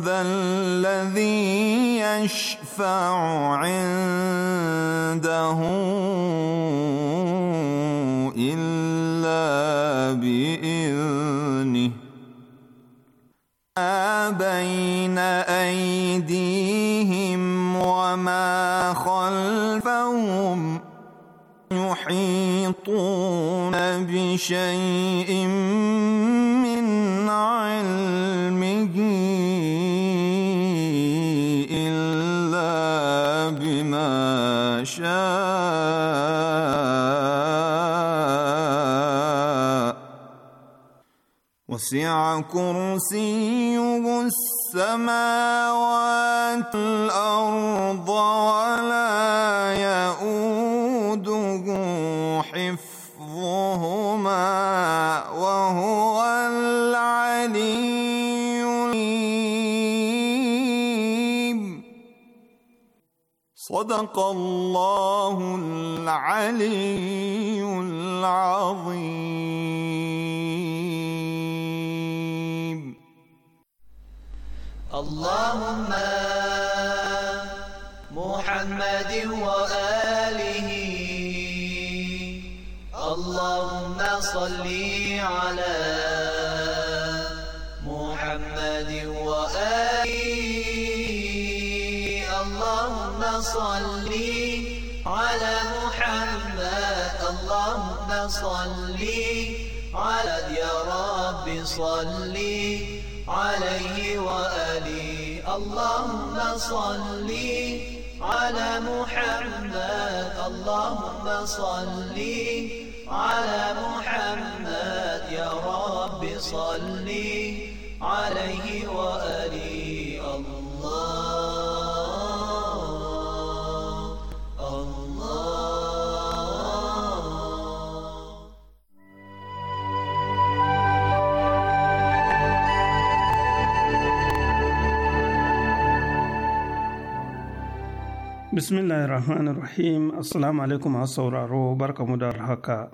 ذا الذي يشفع عنده إلا بإذنه ما بين أيديهم وما خلفهم يحيطون بشيء وسع كرسيه السماوات والأرض ولا يؤوده حفظهما وهو العلي صدق الله العليم على محمد وآله اللهم صل على محمد اللهم صل على يا رب صل عليه وآله اللهم صل على محمد اللهم صل على محمد يا رب صل عليه وآله bismillahir rahmanir rahim assalamu alaikum masu sauraro barkamu da haka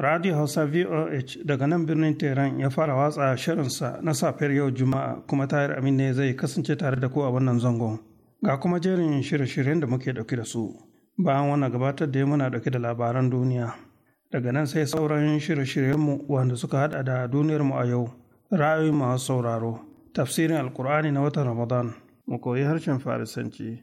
Radio Hausa VOH daga nan birnin Tehran ya fara watsa shirinsa na safiyar yau Juma'a kuma tayar Amin ne zai kasance tare da ku a wannan zangon. Ga kuma jerin shirye-shiryen da muke dauke da su. Bayan wani gabatar da ya muna dauke da labaran duniya. Daga nan sai sauran shirye-shiryenmu wanda suka hada da duniyarmu a yau, Ra'ayoyin masu sauraro, tafsirin Alkur'ani na watan Ramadan, mu koyi harshen Farisanci,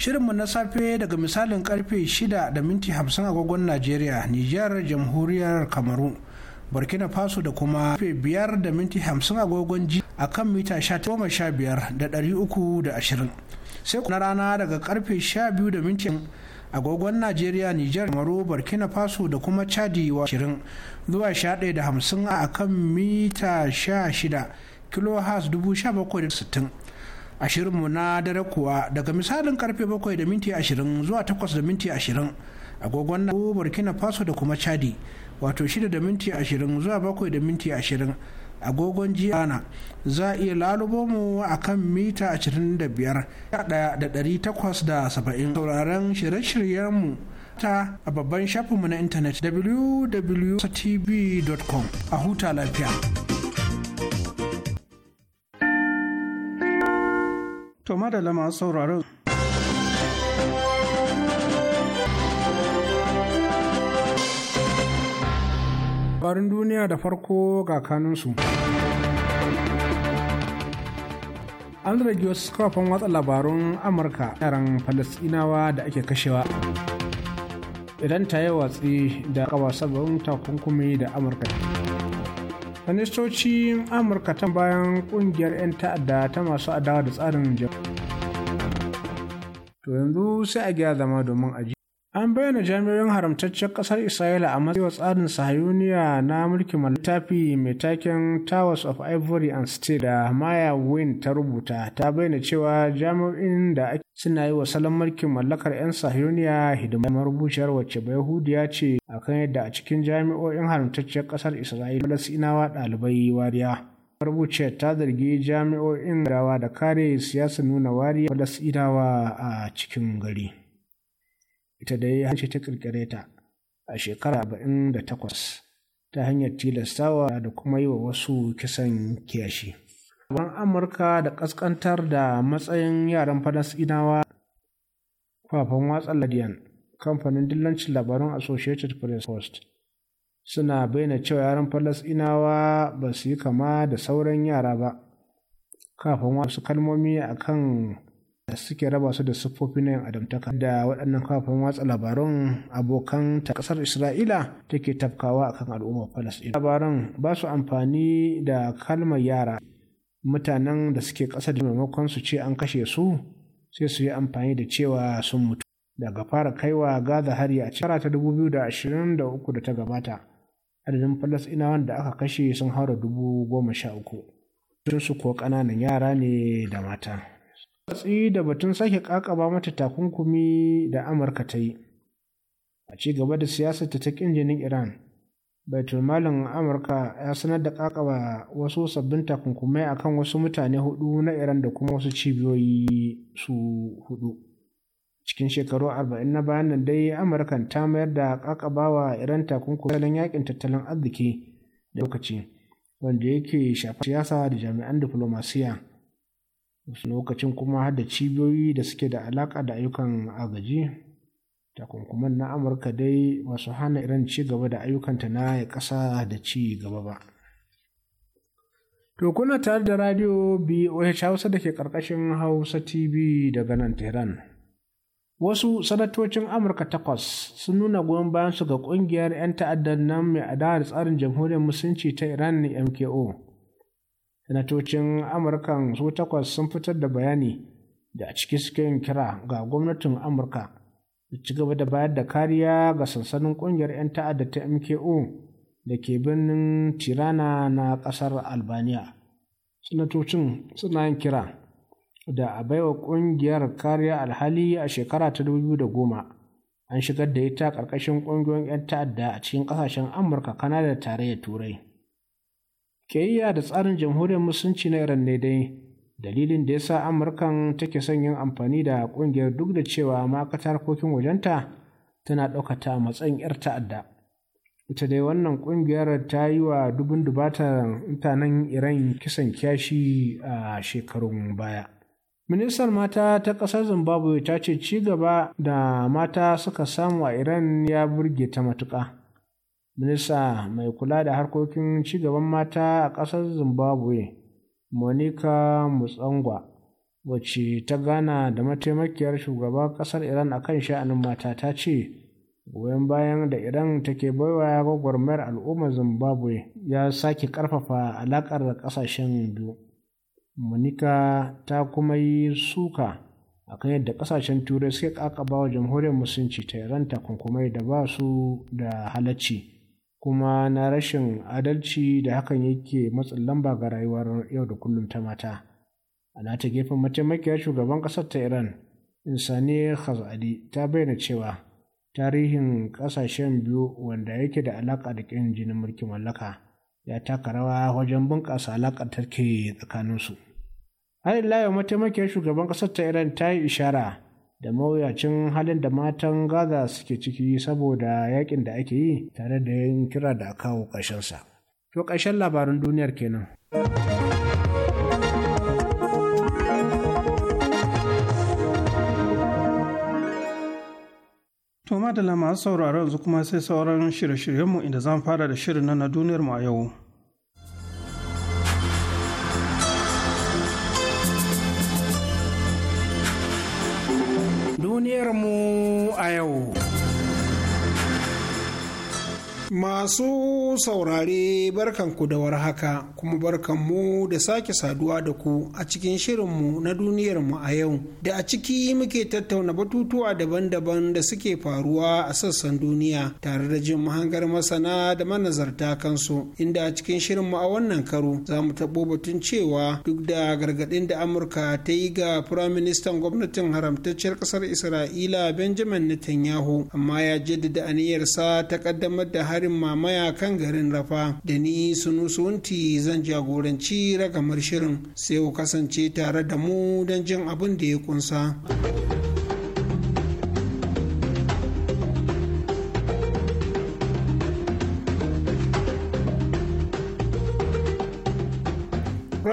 Shirinmu na safe daga misalin karfe 6 da minti 50 agogon Najeriya, Nijar, Jamhuriyar Kamaru, Burkina Faso da kuma karfe 5 da minti 50 agogon ji a kan mita 15 da 320. Sai na rana daga karfe 12 da minti agogon Najeriya, Nijar, Kamaru, Burkina Faso da kuma Chadi wa 20 zuwa 11 da 50 a kan mita 16 kilohas 1760. a shirinmu na dare kuwa daga misalin karfe 7 da minti 20 zuwa 8 da minti 20 agogon na burkina faso da kuma chadi wato 6 da minti 20 zuwa 7 da minti 20 agogon jiyana za a iya lalubo mu a kan mita 25 1,870 sauraron shirye-shiryenmu ta a babban shafinmu na intanet www.tv.com a huta lafiya. madalla masu sauraro labarin duniya da farko ga kanunsu. An rage wasu kafin watsa labarun Amurka yaran Falasɗinawa da ake kashewa. Idan ta yi watsi da kawa sabon takunkumi da Amurka. Ministocin Amurka ta bayan kungiyar 'yan ta'adda ta masu adawa da tsarin jama'a. To yanzu sai a gyara zama domin aji. An bayyana jami'in haramtaccen ƙasar Isra'ila a matsayin tsarin sahayuniya na mulkin mallitafi mai taken Towers of Ivory and Steel da Maya Win ta rubuta ta bayyana cewa jami'in da ake suna yi wa salon mulkin mallakar 'yan sahayuniya hidimar marubuciyar wacce bai Yahudiya ce akan yadda a cikin jami'o'in haramtaccen ƙasar Isra'ila da ɗalibai wariya. marubuciyar ta zargi jami'o'in rawa da kare siyasa nuna wariya falasɗinawa a cikin gari ita dai hanci ta ƙirƙire ta a shekara arba'in da takwas ta hanyar tilastawa da kuma yi wa wasu kisan kiyashi. Ban Amurka da ƙasƙantar da matsayin yaran falasɗinawa kwafan watsa ladiyan kamfanin dillancin labarun associated press post suna bayyana cewa yaran falasɗinawa ba su yi kama da sauran yara ba kafin wasu kalmomi a kan da suke raba su da siffofi na yin adamtaka da waɗannan kafin watsa labarun abokan ta ƙasar isra'ila take tafkawa akan al'ummar falasɗin labaran ba su amfani da kalmar yara mutanen da suke ƙasa da maimakon su ce an kashe su sai su yi amfani da cewa sun mutu daga fara kaiwa gaza hari a shekara ta 2023 da ta gabata adadin falasɗinawan da aka kashe sun haura dubu goma sha uku su ko ƙananan yara ne da mata watsi da batun sake ƙaƙaba mata takunkumi da amurka ta yi a ci gaba da siyasa ta ta ƙin jinin iran baitulmalin amurka ya sanar da ƙaƙaba wasu sabbin takunkumai akan wasu mutane hudu na iran da kuma wasu cibiyoyi su hudu cikin shekaru arba'in na bayan nan dai Amurka ta mayar da kakabawa iran takunkumin yakin tattalin arziki da lokaci wanda yake shafa siyasa da jami'an diflomasiya wasu lokacin kuma har da cibiyoyi da suke da alaka da ayyukan agaji takunkuman na amurka dai masu hana iran ci gaba da ayyukanta na ya kasa da ci gaba ba to kuna tare da radio boh hausa da ke karkashin hausa tv daga nan tehran wasu sanatocin amurka takwas sun nuna goyon bayansu ga ƙungiyar 'yan ta'addan nan mai adawar tsarin jamhuriyar musulunci ta iran mko sanatocin amurkan su takwas sun fitar da bayani da a ciki suke yin kira ga gwamnatin amurka da ci gaba da bayar da kariya ga sansanin ƙungiyar 'yan ta'adda ta mko da ke birnin tirana na ƙasar albania sanatocin suna yin kira da a baiwa ƙungiyar kariya alhali a shekara ta goma an shigar da ita ƙarƙashin ƙungiyoyin 'yan ta'adda a cikin ƙasashen amurka kanada da tarayyar turai kiyayya da tsarin jamhuriyar musulunci na iran ne dai dalilin da ya sa amurkan take son yin amfani da ƙungiyar duk da cewa ma'aikatar harkokin wajenta tana ɗaukata matsayin 'yar ta'adda ita dai wannan ƙungiyar ta yi wa dubun dubatar mutanen iran kisan kyashi a shekarun baya Ministar mata ta ƙasar zimbabwe ta ce ci gaba da mata suka samu a iran ya burge ta matuka. minista mai kula da harkokin ci gaban mata a ƙasar zimbabwe monica mutsangwa wacce ta gana da mataimakiyar shugaban ƙasar iran a kan sha'anin mata ta ce goyon bayan da iran take baiwa gwagwarmayar al'ummar zimbabwe ya sake ƙarfafa alaƙar da ƙasashen biyu Monica ta kuma yi suka a kan yadda ƙasashen Turai suke ƙaƙaba wa Jamhuriyar Musulunci ta Iran takunkumai da ba su da halacci kuma na rashin adalci da hakan yake matsin lamba ga rayuwar yau da kullum ta mata. A nata gefen mataimakiyar shugaban ƙasar ta Iran, Insani Khazali ta bayyana cewa tarihin ƙasashen biyu wanda yake da alaƙa da ƙin jinin mulkin mallaka ya taka rawa wajen bunƙasa alaƙar take tsakaninsu. har yau mataimakiyar shugaban ƙasar ta iran ta yi ishara da mawuyacin halin da matan gaza suke ciki saboda yakin da ake yi tare da yin kira da kawo sa to ƙarshen labarin duniyar kenan to madalla masu sauraro zu kuma sai sauran shirye-shiryenmu inda zan fara da shirin na duniyar mu a yau duniyarmu a yau. Masu saurare barkanku da war haka kuma barkanmu da sake saduwa da ku a cikin shirin mu na duniyarmu a yau da a ciki muke tattauna batutuwa daban-daban da suke faruwa a sassan duniya tare da jin mahangar masana da manazarta kansu inda a cikin shirinmu a wannan karo za mu taɓo batun cewa duk da gargaɗin da Amurka ta yi ga Firaministan gwamnatin haramtacciyar ƙasar Isra'ila Benjamin Netanyahu amma ya jaddada aniyarsa ta ƙaddamar da har harin mamaya kan garin rafa da ni sunusunti zan jagoranci ragamar shirin sai ku kasance tare da mu don jin abin da ya kunsa.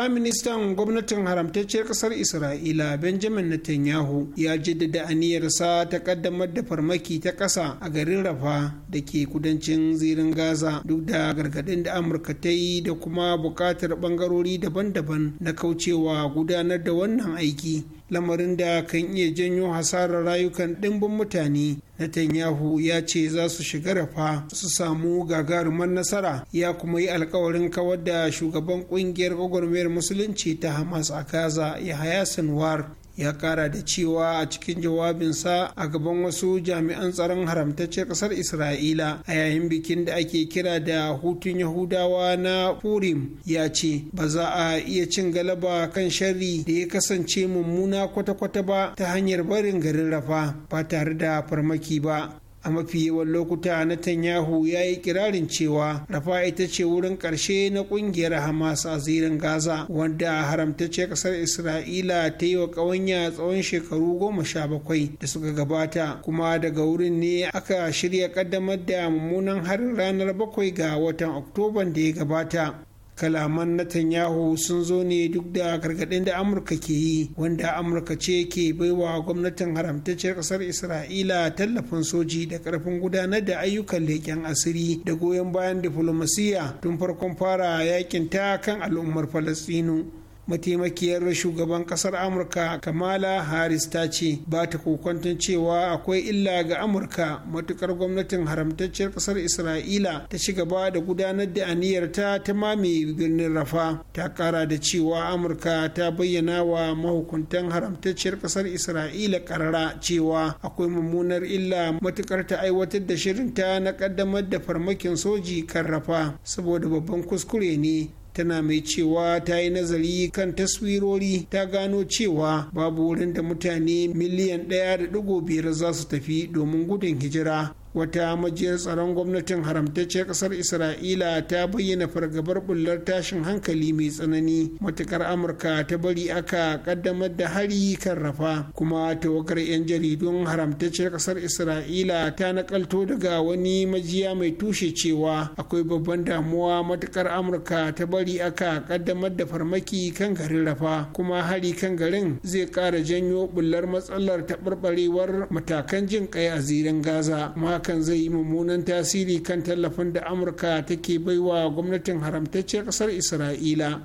Firaministan gwamnatin haramtacciyar kasar Isra'ila Benjamin Netanyahu ya jaddada aniyarsa ta kaddamar da farmaki ta kasa a garin Rafa da ke kudancin zirin Gaza duk da gargadin da Amurka ta yi da kuma bukatar bangarori daban-daban na kaucewa gudanar da wannan aiki. lamarin da kan iya janyo hasarar rayukan ɗimbin mutane Netanyahu ya ce za su shiga rafa su samu gagarumar nasara ya kuma yi alkawarin kawar da shugaban kungiyar gwagwarmayar musulunci ta Hamas a Gaza ya haya Sinwar ya kara da cewa a cikin jawabinsa a gaban wasu jami'an tsaron haramtaccen kasar isra'ila a yayin bikin da ake kira da hutun yahudawa na purim ya ce ba za a iya cin galaba kan sharri da ya kasance mummuna kwata-kwata ba ta hanyar barin garin rafa ba tare da farmaki ba a mafi yawan lokuta Netanyahu ya yi kirarin cewa rafa ita ce wurin ƙarshe na ƙungiyar Hamas a zirin Gaza wanda haramtacce ƙasar Isra'ila ta yi wa ƙawanya tsawon shekaru goma sha bakwai da suka gabata kuma daga wurin ne aka shirya ƙaddamar da mummunan harin ranar bakwai ga watan Oktoban da ya gabata kalaman Netanyahu sun zo ne duk da gargaɗin da Amurka ke yi wanda Amurka ce ke baiwa gwamnatin haramtacciyar ƙasar Isra'ila tallafin soji da ƙarfin gudanar da ayyukan leƙen asiri da goyon bayan diflomasiyya tun farkon fara yakin ta kan al'ummar Falasɗinu. mataimakiyar shugaban kasar amurka kamala harris ta ce ba ta kokwanton cewa akwai illa ga amurka matukar gwamnatin haramtacciyar kasar isra'ila ta ci gaba da gudanar da aniyarta ta mame birnin rafa ta kara da cewa amurka ta bayyana wa mahukuntan haramtacciyar kasar isra'ila karara cewa akwai mummunar illa matukar ta aiwatar da shirinta na kaddamar da farmakin soji kan rafa saboda babban kuskure ne tana mai cewa ta yi nazari kan taswirori ta gano cewa babu wurin da mutane miliyan 1.5 za su tafi domin gudun hijira wata majiyar tsaron gwamnatin haramtacciyar ƙasar isra'ila ta bayyana fargabar bullar tashin hankali mai tsanani matukar amurka ta bari aka kaddamar da hari kan rafa kuma tawagar 'yan jaridun haramtacciyar ƙasar isra'ila ta nakalto daga wani majiya mai tushe cewa akwai babban damuwa matukar amurka ta bari aka kaddamar da farmaki kan garin rafa kuma hari kan garin zai ƙara janyo bullar matsalar taɓarɓarewar matakan jin kai a zirin gaza hakan zai yi mummunan tasiri kan tallafin da amurka take baiwa gwamnatin haramtacciyar kasar isra'ila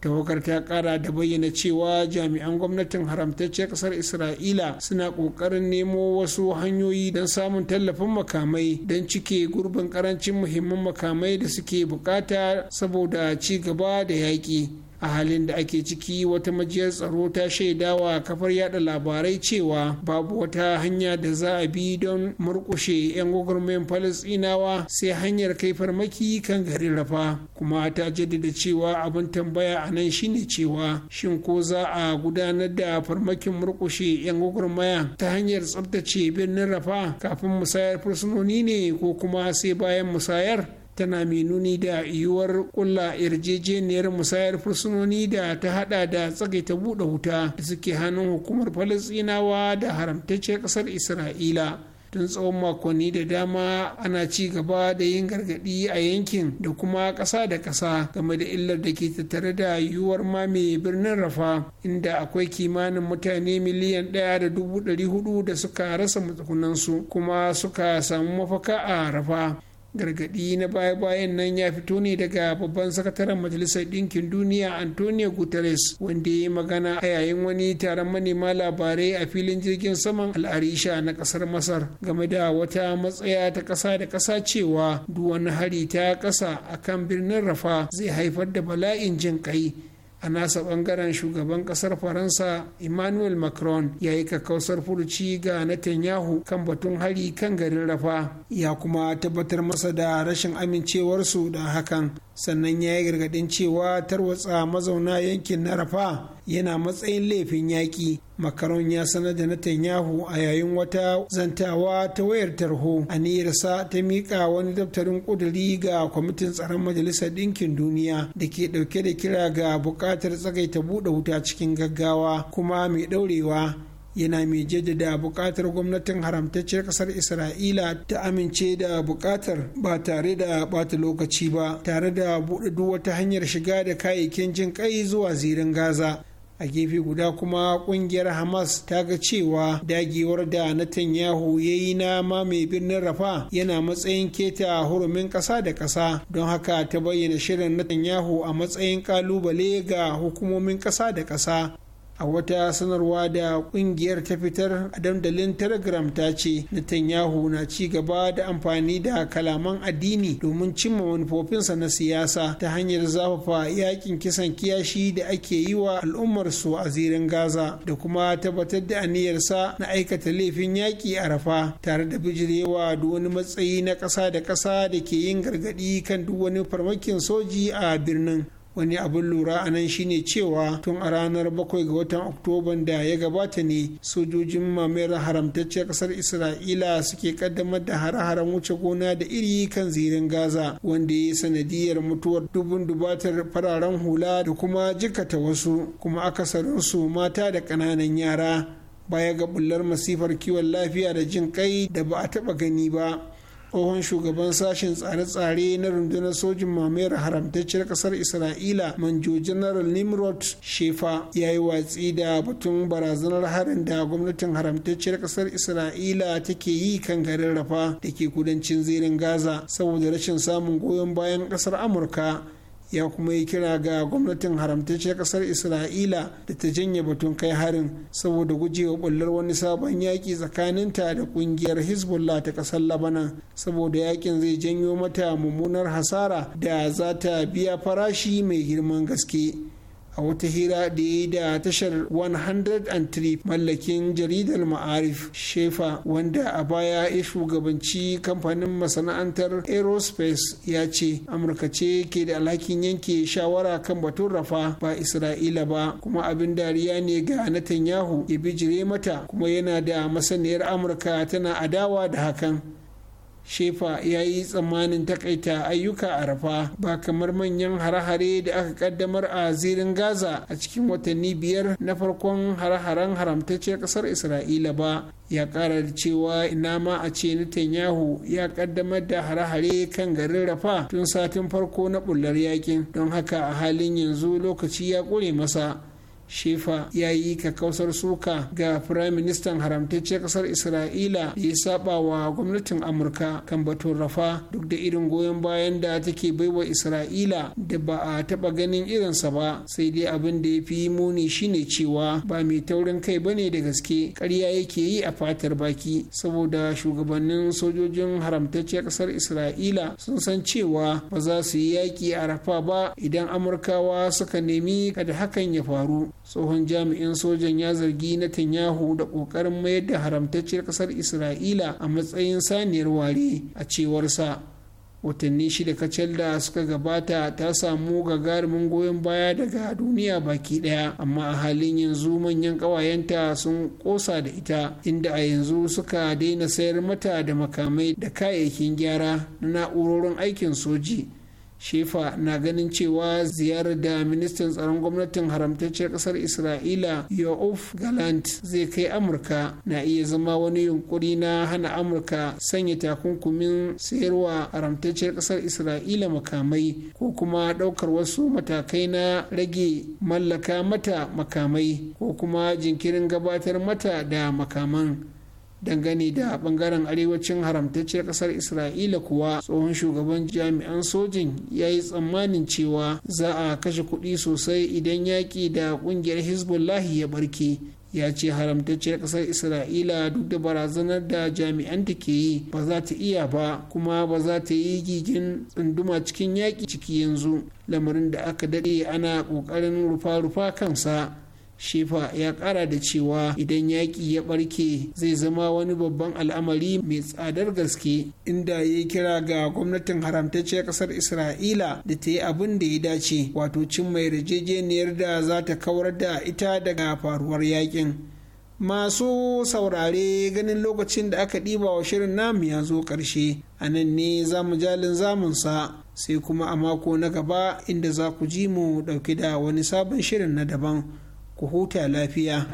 tawagar ta kara da bayyana cewa jami'an gwamnatin haramtacciyar kasar isra'ila suna kokarin nemo wasu hanyoyi don samun tallafin makamai don cike gurbin karancin muhimman makamai da suke bukata saboda ci gaba da yaƙi a halin da ake ciki wata majiyar tsaro ta shaidawa kafar yada labarai cewa babu wata hanya da za a bi don murkushe 'yan gwagwarmayan falasinawa sai hanyar kai farmaki kan garin rafa kuma ta jaddada cewa abin tambaya a nan shine cewa shin ko za a gudanar da farmakin murkushe 'yan gwagwarmaya ta hanyar tsabtace birnin rafa kafin musayar fursunoni ne ko kuma sai bayan musayar tana mai nuni da yiwuwar kulla yarjejeniyar musayar fursunoni da ta hada da tsagaita buɗe wuta da suke hannun hukumar falasinawa da haramtacciyar ƙasar isra'ila tun tsawon makonni da dama ana ci gaba da yin gargaɗi a yankin da kuma ƙasa da ƙasa game da illar da ke tattare da yiwuwar mame birnin rafa inda akwai kimanin mutane miliyan ɗaya da dubu ɗari hudu da suka rasa matsakunansu kuma suka samu mafaka a rafa gargadi na baya-bayan nan ya fito ne daga babban sakataren majalisar ɗinkin duniya antonio guterres wanda ya yi magana a yayin wani taron manema labarai a filin jirgin saman al'arisha na ƙasar masar game da wata matsaya ta ƙasa da ƙasa cewa duk hari ta ƙasa akan birnin rafa zai haifar da bala'in jin ƙai a nasa bangaren shugaban kasar faransa emmanuel macron ya yi kakkausar furuci ga netanyahu kan batun hari kan garin rafa ya kuma tabbatar masa da rashin amincewarsu da hakan sannan ya yi gargadin cewa tarwatsa mazauna yankin na rafa yana matsayin laifin yaƙi makaron ya sanar da Netanyahu a yayin wata zantawa ta wayar tarho a niyarsa ta miƙa wani daftarin ƙuduri ga kwamitin tsaron majalisar ɗinkin duniya da ke ɗauke da kira ga buƙatar tsagaita buɗe wuta cikin gaggawa kuma mai ɗaurewa yana mai jaddada buƙatar gwamnatin haramtacciyar ƙasar isra'ila ta amince da buƙatar ba tare da ɓata lokaci ba tare da buɗe duk wata hanyar shiga da kayayyakin jin ƙai zuwa zirin gaza a gefe guda kuma kungiyar hamas ta ga cewa dagewar da netanyahu ya yi na mame birnin rafa yana matsayin keta hurumin ƙasa da ƙasa don haka ta bayyana shirin netanyahu a matsayin kalubale ga hukumomin ƙasa da ƙasa a wata sanarwa da kungiyar ta fitar a dandalin telegram ta ce netanyahu na ci gaba da amfani da kalaman addini domin cimma manufofinsa na siyasa ta hanyar zafafa yakin kisan kiyashi da ake yi wa al'ummarsu a zirin gaza da kuma tabbatar da aniyarsa na aikata laifin yaƙi a rafa tare da bijirewa da wani matsayi na ƙasa da ƙasa da ke yin gargaɗi kan duk wani farmakin soji a birnin wani abin lura a nan shine cewa tun a ranar bakwai ga watan oktoban da ya gabata ne sojojin mamayar haramtacciyar kasar isra'ila suke kaddamar da hare-haren wuce gona da iri kan zirin gaza wanda ya sanadiyar mutuwar dubun dubatar fararen hula da kuma jikata wasu kuma akasarin su mata da ƙananan yara baya ga bullar masifar kiwon lafiya da jin kai da ba a taɓa gani ba tsohon shugaban sashen tsare-tsare na rundunar sojin mamayar haramtacciyar kasar isra'ila manjo general nimrod shefa ya yi watsi da batun barazanar harin da gwamnatin haramtacciyar kasar isra'ila take yi kan garin rafa da ke kudancin zirin gaza saboda rashin samun goyon bayan kasar amurka ya kuma yi kira ga gwamnatin haramtacciyar kasar isra'ila da ta janye batun kai harin saboda gujewa bullar wani sabon yaƙi tsakaninta da ƙungiyar hezbollah ta ƙasar labanan saboda yakin zai janyo mata mummunar hasara da za ta biya farashi mai girman gaske a wata hira da ya yi da tashar 103 mallakin jaridar ma'arif shefa wanda a baya ya shugabanci kamfanin masana'antar aerospace ya ce amurka ce ke da alhakin yanke shawara kan batun rafa ba isra'ila ba kuma abin dariya ne ga netanyahu ya bijire mata kuma yana da masaniyar amurka tana adawa da hakan shefa ya yi tsammanin takaita ayyuka a rafa ba kamar manyan hare-hare da aka kaddamar a zirin gaza a cikin watanni biyar na farkon hare-haren haramtacciyar kasar isra'ila ba ya kara da cewa ina ma a ce Netanyahu ya kaddamar da hare-hare kan garin rafa tun satin farko na bullar yakin don haka a halin yanzu lokaci ya ƙure masa shefa ya yi kakkausar suka ga firayim ministan haramtacciyar kasar isra'ila da ya saba wa gwamnatin amurka kan batun rafa duk da irin goyon bayan da take baiwa isra'ila da ba a taba ganin irinsa ba sai dai abin da ya fi muni shine cewa ba mai taurin kai bane da gaske karya yake yi a fatar baki saboda shugabannin sojojin haramtacciyar kasar isra'ila sun san cewa ba za su yi yaƙi a rafa ba idan amurkawa suka nemi kada hakan ya faru tsohon jami'in sojan ya zargi na Netanyahu da ƙoƙarin mayar da haramtacciyar ƙasar Isra'ila a matsayin saniyar ware a cewarsa. watanni shida kacal da suka gabata ta samu gagarumin goyon baya daga duniya baki ɗaya, amma a halin yanzu manyan ƙawayenta sun kosa da ita inda a yanzu suka daina sayar mata da makamai da kayayyakin gyara na na'urorin aikin soji shefa na ganin cewa ziyarar da ministan tsaron gwamnatin haramtacciyar kasar isra'ila yo'uf galant zai kai amurka na iya zama wani yunkuri na hana amurka sanya takunkumin sayarwa haramtacciyar kasar isra'ila makamai ko kuma daukar wasu matakai na rage mallaka mata makamai ko kuma jinkirin gabatar mata da makaman dangane da bangaren arewacin haramtacciyar kasar isra'ila kuwa tsohon shugaban jami'an sojin ya yi tsammanin cewa za a kashe kuɗi sosai idan yaƙi da ƙungiyar hezbollah ya barke ya ce haramtacciyar ƙasar isra'ila duk da barazanar da jami'anta ke yi ba za ta iya ba kuma ba za ta yi gigin tsunduma cikin yaƙi ciki yanzu lamarin da aka daɗe ana ƙoƙarin rufa-rufa kansa shefa ya kara da cewa idan yaƙi ya ɓarke zai zama wani babban al'amari mai tsadar gaske inda ya kira ga gwamnatin haramtacciyar ƙasar isra'ila da ta yi abin da ya dace wato cin mai yarjejeniyar da za ta kawar da ita daga faruwar yakin. masu saurare ganin lokacin da aka ɗiba wa shirin namu ya zo ƙarshe a nan ne za mu jalin zamunsa sai kuma a mako na gaba inda za ku ji mu ɗauki da wani sabon shirin na daban. ku huta lafiya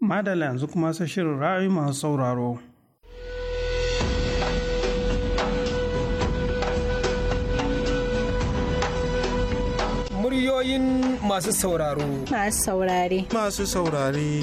madala yanzu kuma sai shirin ra'ayi masu sauraro muryoyin masu sauraro masu saurare masu saurare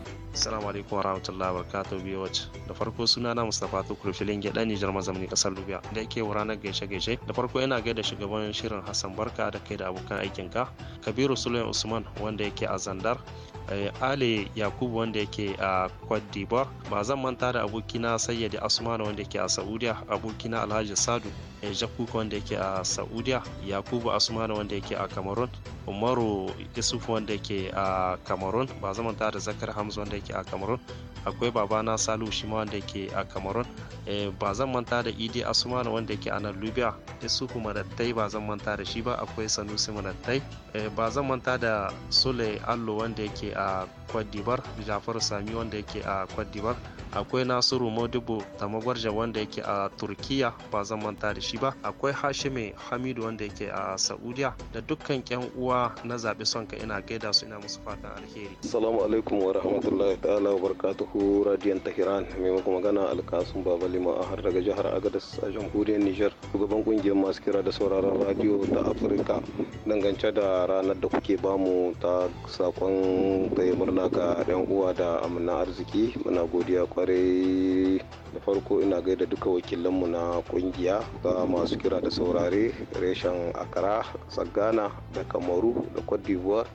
Assalamu alaikum wa rahmatullahi wa biyu wacce. Da farko suna na Mustapha Tukur filin gyaɗa Nijar mazamni ƙasar Libya da yake ranar gaishe-gaishe. Da farko yana gaida shugaban shirin Hassan Barka da kai da abokan aikinka. Kabiru Suleiman Usman wanda yake a Zandar. Eh, Ali Yakubu wanda yake a Cote Ba zan manta da abokina sayyada Asmanu wanda yake a Saudiya. Abokina Alhaji Sadu Eh, jakuka wanda yake a saudiya yakubu Asumana wanda yake a cameroon umaru Yusuf wanda yake a cameroon ba zaman da zakar hamza wanda yake a cameroon akwai babana salu shima wanda yake a cameroon eh, ba zan manta da idi Asumana wanda yake a nan libya isufu madattai ba zan manta da shi ba akwai sanusi madattai eh, ba zan manta da sule allo wanda yake a Kwadibar d'Ivoire Jafar Sami wanda yake a Côte d'Ivoire akwai Nasiru Modibo Tamagwarja wanda yake a Turkiya ba zan manta da shi ba akwai Hashime Hamidu wanda yake a Saudiya da dukkan ƴan uwa na zaɓi son ka ina gaida su ina musu fatan alheri. Assalamu alaikum wa rahmatullahi ta'ala wa barakatuhu radiyan Tahiran mai muku magana alkasun Baba Lima har daga jihar Agadez a jamhuriyar Nijar shugaban kungiyar masu kira da sauraron radiyo ta Afirka dangance da ranar da kuke bamu ta sakon tayi naka dan uwa da amina arziki muna godiya kwarai da farko ina gaida duka wakilanmu na kungiya ga masu kira da saurare reshen akara sagana da kamaru da cote d'ivoire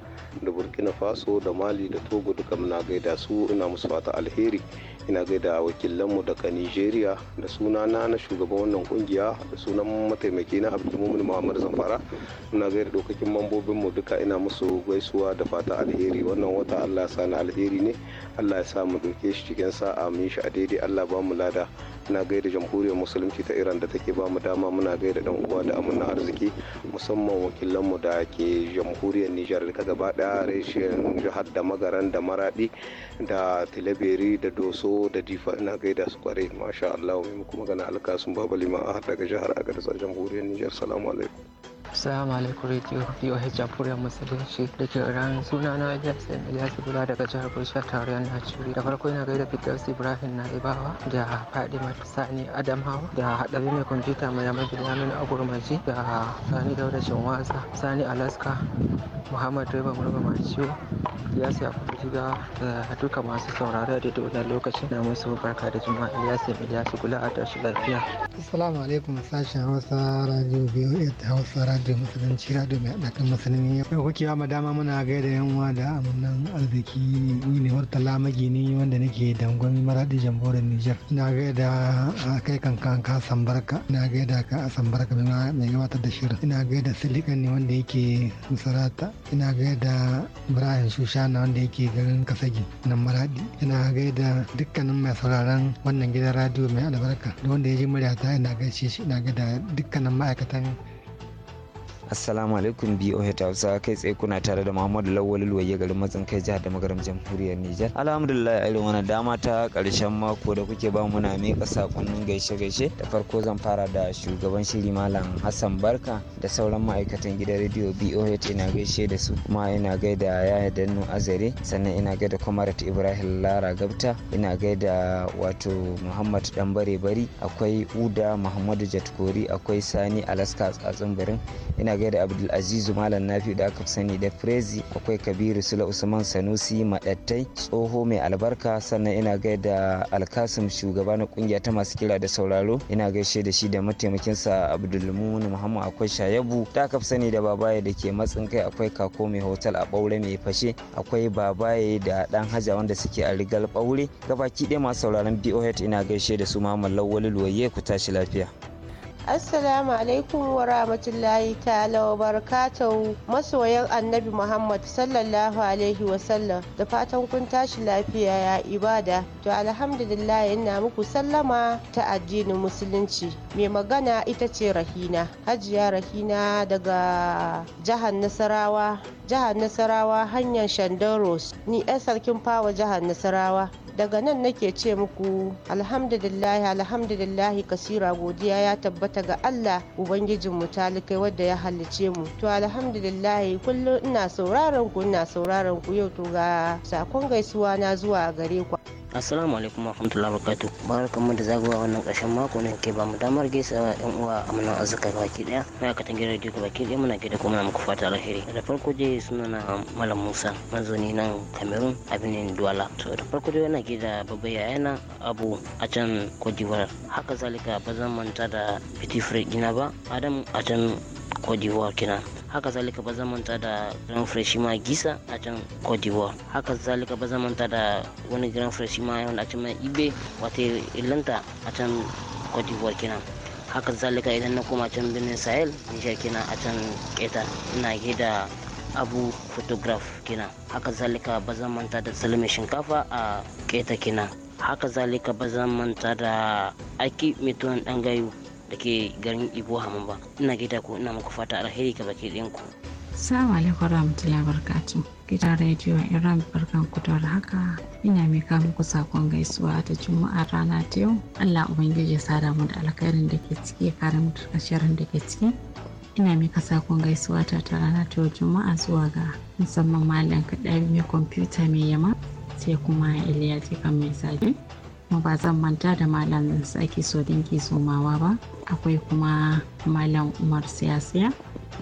da burkina faso da mali da togo duka muna gaida su ina musu fata alheri ina gaida wakilanmu daga nigeria da suna na shugaban wannan kungiya da sunan mataimaki na abdulmumin muhammad zamfara ina gaida dokakin mambobinmu duka ina musu gaisuwa da fata alheri wannan wata allah sa na alheri ne Allah ya sa mu ɗauke shi cikin sa'a mu shi a daidai Allah ba mu lada na gaida jamhuriyar musulunci ta Iran da take ba mu dama muna gaida dan uwa da amina arziki musamman mu da ke jamhuriyar Nijar da gaba ɗaya reshen jihar da magaran da maradi da tilaberi da doso da difa ina gaida su kware masha Allah mai muku magana alkasun baba liman daga jihar Agadez a jamhuriyar Nijar salamu alaikum Assalamu alaikum Radio VOH Jamhuriyar Musulunci da ke ran suna na Jackson Ilyasu Bula daga jihar Bauchi tarayyar Najeriya. Da farko ina gaida Firdausi Ibrahim Naibawa da Fadima Sani Adamhawa da Hadabi mai kwamfuta mai yamma Bilyamin Agurmaji da Sani Dauda Shinwasa Sani Alaska Muhammad Reba Murba Maciyo Ilyasu Yakubu Jiga da duka masu saurari a daidai wannan lokacin na musu barka da juma'a Ilyasu Ilyasu Bula a tashi lafiya. Assalamu alaikum sashen Hausa Radio VOH Hausa radio musulunci radio mai haɗakan musulmi yau kuke ma dama muna gaida yan uwa da amannan arziki ni ne wata lamagi magini wanda nake dangwami maradi jamhuriyar nijar ina gaida kai kankan ka sambarka ina gaida ka a sambarka mai gabatar da shirin ina gaida silikan ne wanda yake musarata ina gaida ibrahim shushana wanda yake garin kasagi nan maradi ina gaida dukkanin mai sauraron wannan gidan radio mai albarka da wanda ya ji murya ta ina gaishe shi ina gaida dukkanin ma'aikatan assalamu alaikum boh hausa kai tsaye kuna tare da muhammadu lawal luwaye garin matsin kai jihar da magaram jamhuriyar nijar alhamdulillah irin wani dama ta karshen mako da kuke ba mu na miƙa sakonnin gaishe gaishe da farko zan fara da shugaban shiri malam hassan barka da sauran ma'aikatan gidan rediyo boh ina gaishe da su kuma ina gaida yaya dannu azare sannan ina gaida kwamarat ibrahim lara gabta ina gaida wato muhammad dan bare bari akwai uda muhammadu jatkori akwai sani alaska tsatsin birin ina ina gaida abdulazizu malam nafi da aka sani da prezi akwai kabiru sula usman sanusi madattai tsoho mai albarka sannan ina gaida alkasim shugaba na kungiya ta masu kira da sauraro ina gaishe da shi da mataimakinsa abdulmumin muhammad akwai shayabu da aka sani da babaye da ke matsin kai akwai kako mai hotel a ɓaure mai fashe akwai babaye da dan haja wanda suke a rigal ɓaure gabaki ɗaya masu sauraron boh ina gaishe da su muhammad lawal luwaye ku tashi lafiya. Assalamu alaikum wa rahmatullahi ta'ala wa barakatuhu masoyan annabi Muhammad sallallahu alaihi wa sallam da fatan kun tashi lafiya ya ibada to alhamdulillah ina muku sallama ta addinin musulunci mai magana ita ce Rahina Hajiya Rahina daga jihar Nasarawa jihar Nasarawa hanyar Shandaros ni 'yan sarkin fawa jihar Nasarawa daga nan nake ce muku alhamdulillahi alhamdulillahi kasira godiya ya tabbata ga allah ubangijin mu talikai wadda ya halice mu to alhamdulillahi kullum ina sauraron ku ina sauraron ku yau to ga sakon gaisuwa na zuwa gare ku assalamu alaikum warahmatullahi wabarakatuh barkan mu da zagawa wannan ƙarshen mako ne ke ba mu damar gaisa yan uwa a muna azuka baki daya ma'aikatan gidan rediyo baki daya muna gida kuma muku fata alheri da farko dai suna malam musa manzoni nan cameroon abin ne duwala to da farko dai yana gida babba yayana abu a can kwajiwar haka zalika ba zan manta da petit ina ba adam a can kwajiwar kina haka zalika ba zamanta da grand freshima gisa a can cote d'ivoire haka zalika ba zamanta da wani grand freshima wanda a can mai ibe wata ilanta a can cote d'ivoire kenan haka zalika idan na koma can birnin sahel nisha kenan a can keta ina gida abu photograph kenan haka zalika ba zan manta da salmi shinkafa a keta kenan haka zalika ba zan manta da aki mituwan dangayu da ke garin igbo hamu ba ina gida ku ina muku fata alheri ga baki ɗayan ku Assalamu alaikum warahmatullahi barkatu Gidan rediyo Iran barkan ku da haka ina mika muku sakon gaisuwa ta Juma'a rana ta yau. Allah Ubangiji ya sada mu da alkhairin da ke ciki ya kare mu da shirin da ke ciki. Ina mika sakon gaisuwa ta ta rana ta yau Juma'a zuwa ga musamman malam kaɗai mai kwamfuta mai yama sai kuma Iliya Jika mai sage. kuma ba zan manta da malam saki so dinki somawa ba akwai kuma malam umar siyasiya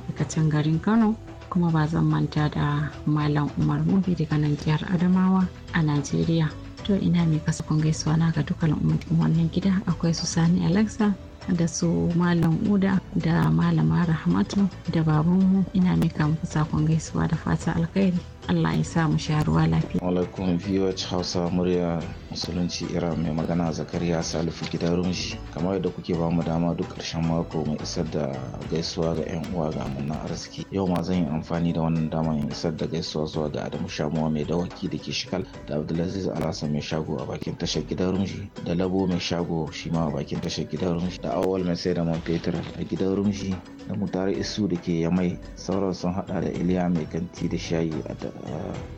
daga can garin kano kuma ba zan manta da malam umar mubi daga nan jihar adamawa a najeriya to ina mai kasafin gaisuwa na ga dukkan umarnin wannan gida akwai su sani alexa da su malam uda da malama rahmatu da babanmu ina mai muku sakon gaisuwa da fata alkhairi allah ya sa mu sha ruwa lafiya alaikum viewers hausa murya musulunci iran mai magana zakariya salifu gidan rumshi kamar yadda kuke bamu dama duk karshen mako mai isar da gaisuwa ga 'yan uwa ga amanna arziki yau ma zan yi amfani da wannan dama in isar da gaisuwa zuwa ga adamu shamuwa mai dawaki da ke shikal da abdulaziz alhassan mai shago a bakin tashar gidan rumshi da labo mai shago shi ma a bakin tashar gidan rumshi da awal mai sai da man fetur a gidan rumshi da mutar isu da ke yamai sauran sun hada da iliya mai kanti da shayi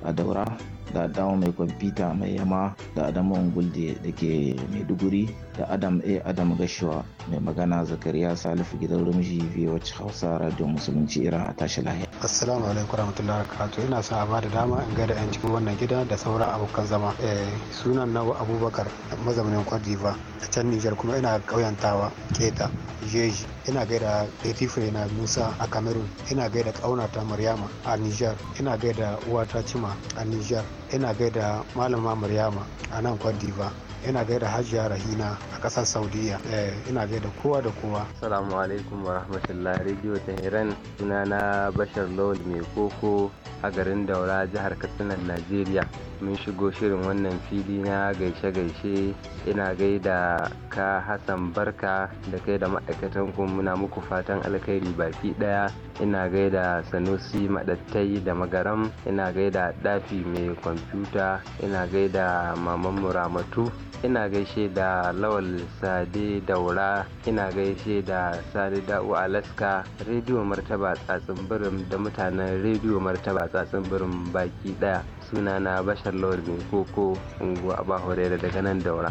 a daura da adamu mai kwamfuta mai yama da adamu ungulde da ke maiduguri da adam a adam gashuwa mai magana zakariya salifu gidan rumji biyu wacce hausa radio musulunci iran a tashi lahiya assalamu alaikum warahmatullahi wabarakatuh ina sa a da dama in gaida yan cikin wannan gida da sauran abokan zama eh, sunan nawa abubakar mazaunin kwadiva a can nijar kuma ina kauyantawa keta jeji ina gaida etifre na musa a cameroon ina gaida kaunata maryama a nijar ina gaida uwata cima a nijar ina gaida malama maryama a nan kwadiva ina gaida hajiya rahina a kasar saudiya eh, ina gaida kowa da kowa salamu alaikum wa rahmatullahi radio tahiran sunana bashar lawal mai koko a garin daura jihar katsinan najeriya mun shigo shirin wannan fili na gaishe-gaishe ina gaida ka hassan barka da kai da ma'aikatanku muna muku fatan alkhairi baki daya ina gaida sanusi madattai da magaram ina gaida dafi mai kwamfuta ina gaida maman muramatu ina gaishe da lawal sade daura ina gaishe da sade da'u alaska rediyo martaba tsatsin birin da mutanen rediyo martaba tsatsin birin baki daya sunana bashar lawal mai koko unguwa ba horera daga nan daura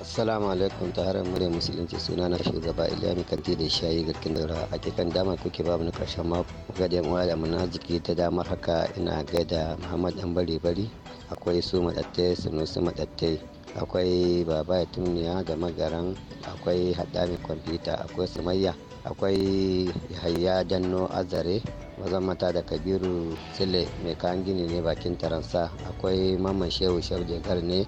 assalamu alaikum ta harin murya musulunci suna na shugaba iliya kanti da shayi garkin daura a kikan dama kuke babu mu karshen mako ga da yamuwa da muna jiki ta damar haka ina gaida muhammad dan bari bari akwai su madattai sunusu madattai akwai baba ya tumniya da magaran akwai hada mai kwamfuta akwai sumayya akwai hayya danno azare mata da kabiru sile mai kayan gini ne bakin taransa akwai mamman shehu shehu jegar ne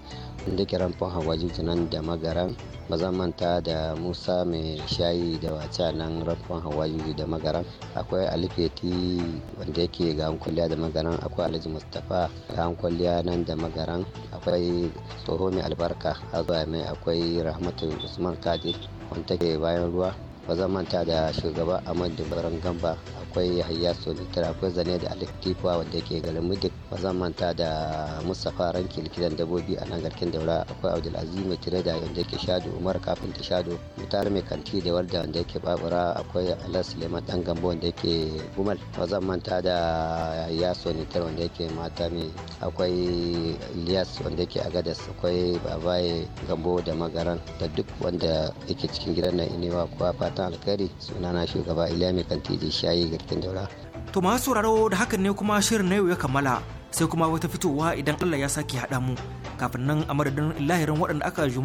da kiran hagu wajuji nan da magaran manta da musa mai shayi da wace nan hagu hawaii da magaran akwai alifeti wanda yake ga kwalliya da magaran akwai alhaji mustapha ga kwalliya nan da magaran akwai tsoho mai albarka a mai akwai rahmatu usman kadir wanda ke bayan ruwa ba manta da shugaba ahmad dubaran gamba akwai yahaya solitar akwai zane da alif wanda ke garin mudik ba manta da mustapha ranki likitan dabobi a nan garkin daura akwai abdulaziz mai tire da wanda ke shado umar kafin ta shado mutar mai kanti da warda wanda yake babura akwai alas suleiman dan gambo wanda yake gumal ba manta da yahaya solitar wanda yake mata mai akwai ilyas wanda yake agadas akwai babaye gambo da magaran da duk wanda yake cikin gidan nan inewa kuwa fatan suna sunana shugaba iliya mai da shayi garkin daura to masu sauraro da hakan ne kuma shirin na yau ya kammala sai kuma wata fitowa idan allah ya sake haɗa mu kafin nan a madadin lahirin waɗanda aka su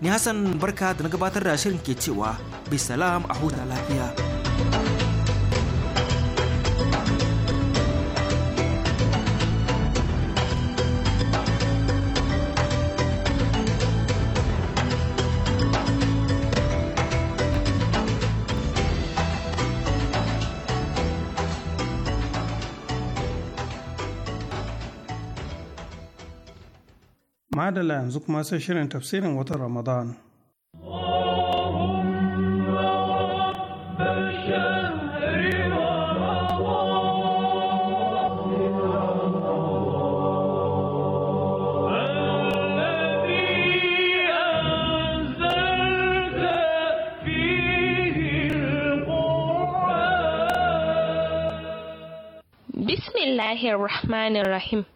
ni hassan barka da na gabatar da shirin ke cewa bisalam a huta lafiya madala yanzu kuma sai shirin tafsirin watan ramadan Bismillahirrahmanirrahim.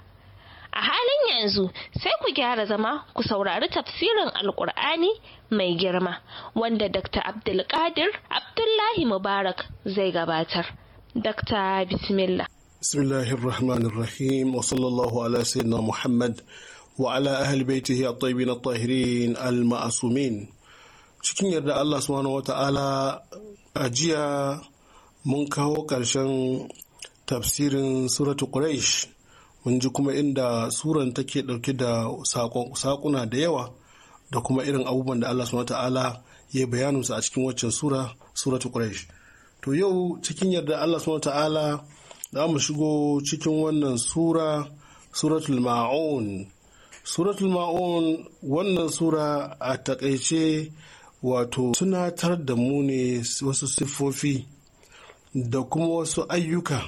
a halin yanzu sai ku gyara zama ku saurari tafsirin alkur'ani mai girma wanda dr abdulkadir abdullahi mubarak zai gabatar dr bismillah bismillahirrahmanirrahim wa sallallahu ala sayyidina muhammad wa ala ahli baitihi at-tayyibin at-tahirin al-ma'sumin cikin yarda Allah subhanahu wata'ala a jiya mun kawo ƙarshen tafsirin suratu quraish mun ji kuma inda suran take dauke da sakuna da yawa da kuma irin abubuwan da Allah subhanahu ta'ala ya bayanin su a cikin waccan sura suratu quraish to yau cikin yarda Allah subhanahu ta'ala za mu shigo cikin wannan sura suratul ma'un suratul ma'un wannan sura a takaice wato tunatar da mu ne wasu siffofi da kuma wasu ayyuka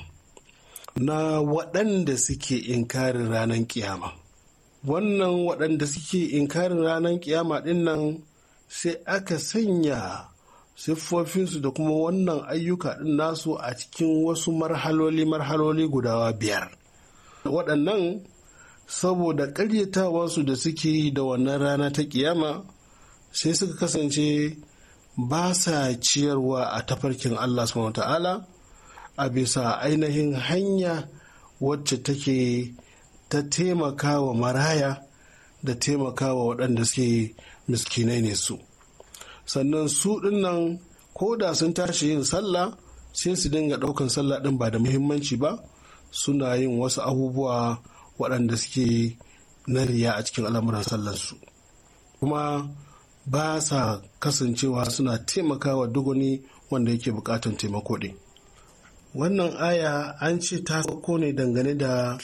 na waɗanda suke inkarin ranar kiyama wannan waɗanda suke inkarin ranar kiyama ɗin nan sai aka sanya siffofinsu da kuma wannan ayyuka ɗin nasu a cikin wasu marhaloli marhaloli gudawa biyar waɗannan saboda ƙaryatawarsu da suke yi da wannan rana ta kiyama sai suka kasance ba sa ciyarwa a tafarkin allah subhanahu ta'ala a bisa ainihin hanya wacce take ta taimaka wa maraya da taimaka wa waɗanda suke miskinai ne su sannan su ɗinnan ko da sun tashi yin sallah sai su dinga ɗaukan sallah ɗin ba da muhimmanci ba suna yin wasu abubuwa waɗanda suke na riya a cikin al'amuran sallarsu kuma ba sa kasancewa suna taimakawa duk wani wanda yake bukatan taimako ɗin wannan aya an ce ta sauko ne dangane da